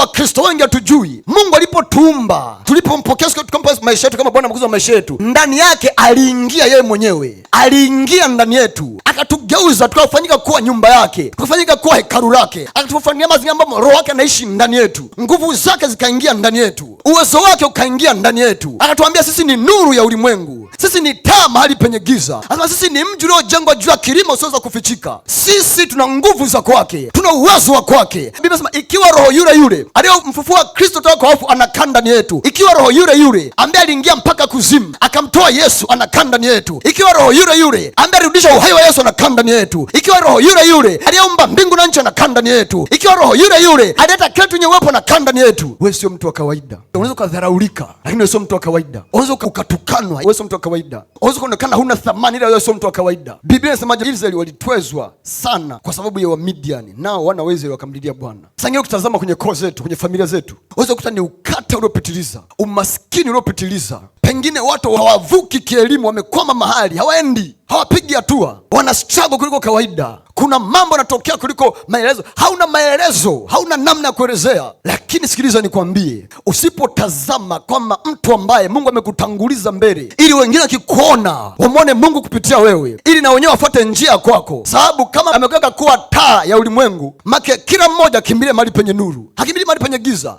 Wakristo wengi hatujui Mungu alipotuumba, tulipompokea tukampa maisha yetu kama Bwana mkuzi wa maisha yetu, ndani yake aliingia yeye mwenyewe, aliingia ndani yetu, akatugeuza tukafanyika kuwa nyumba yake, tukafanyika kuwa hekalu lake, akatufanyia mazingira ambapo roho yake anaishi ndani yetu, nguvu zake zikaingia ndani yetu, uwezo wake ukaingia ndani yetu, akatuambia sisi ni nuru ya ulimwengu, sisi ni taa mahali penye giza. Anasema sisi ni mji uliojengwa juu ya kilima usioweza kufichika. Sisi tuna nguvu za kwake, tuna uwezo wa kwake. Biblia inasema ikiwa roho yule yule yote aliyomfufua Kristo toka kwa wafu anakaa ndani yetu, ikiwa roho yule yule ambaye aliingia mpaka kuzimu akamtoa Yesu anakaa ndani yetu, ikiwa roho yule yule ambaye alirudisha uhai wa Yesu anakaa ndani yetu, ikiwa roho yule yule aliyeumba mbingu na nchi anakaa ndani yetu, ikiwa roho yule yule alileta kila tunye uwepo anakaa ndani yetu. Wewe sio mtu wa kawaida. Unaweza ukadharaulika, lakini wewe sio mtu wa kawaida. Unaweza ukatukanwa, wewe sio mtu wa kawaida. Unaweza ukaonekana huna thamani, ila wewe sio mtu wa kawaida. Biblia inasemaje? Israeli walitwezwa sana kwa sababu ya Wamidiani, nao wana Waisraeli wakamlilia Bwana. Sasa ngine kutazama kwenye koo zetu zetu, kwenye familia zetu. Unaweza kukuta ni ukata uliopitiliza, umaskini uliopitiliza, pengine watu hawavuki kielimu, wamekwama mahali, hawaendi, hawapigi hatua, wana struggle kuliko kawaida. Kuna mambo yanatokea kuliko maelezo, hauna maelezo, hauna namna ya kuelezea. Lakini sikiliza, nikwambie, usipotazama kwamba mtu ambaye Mungu amekutanguliza mbele, ili wengine wakikuona wamwone Mungu kupitia wewe, ili na wenyewe wafuate njia kwako, sababu kama amekuweka kuwa taa ya ulimwengu, make kila mmoja akimbilie mahali penye nuru, hakimbilie mahali penye giza.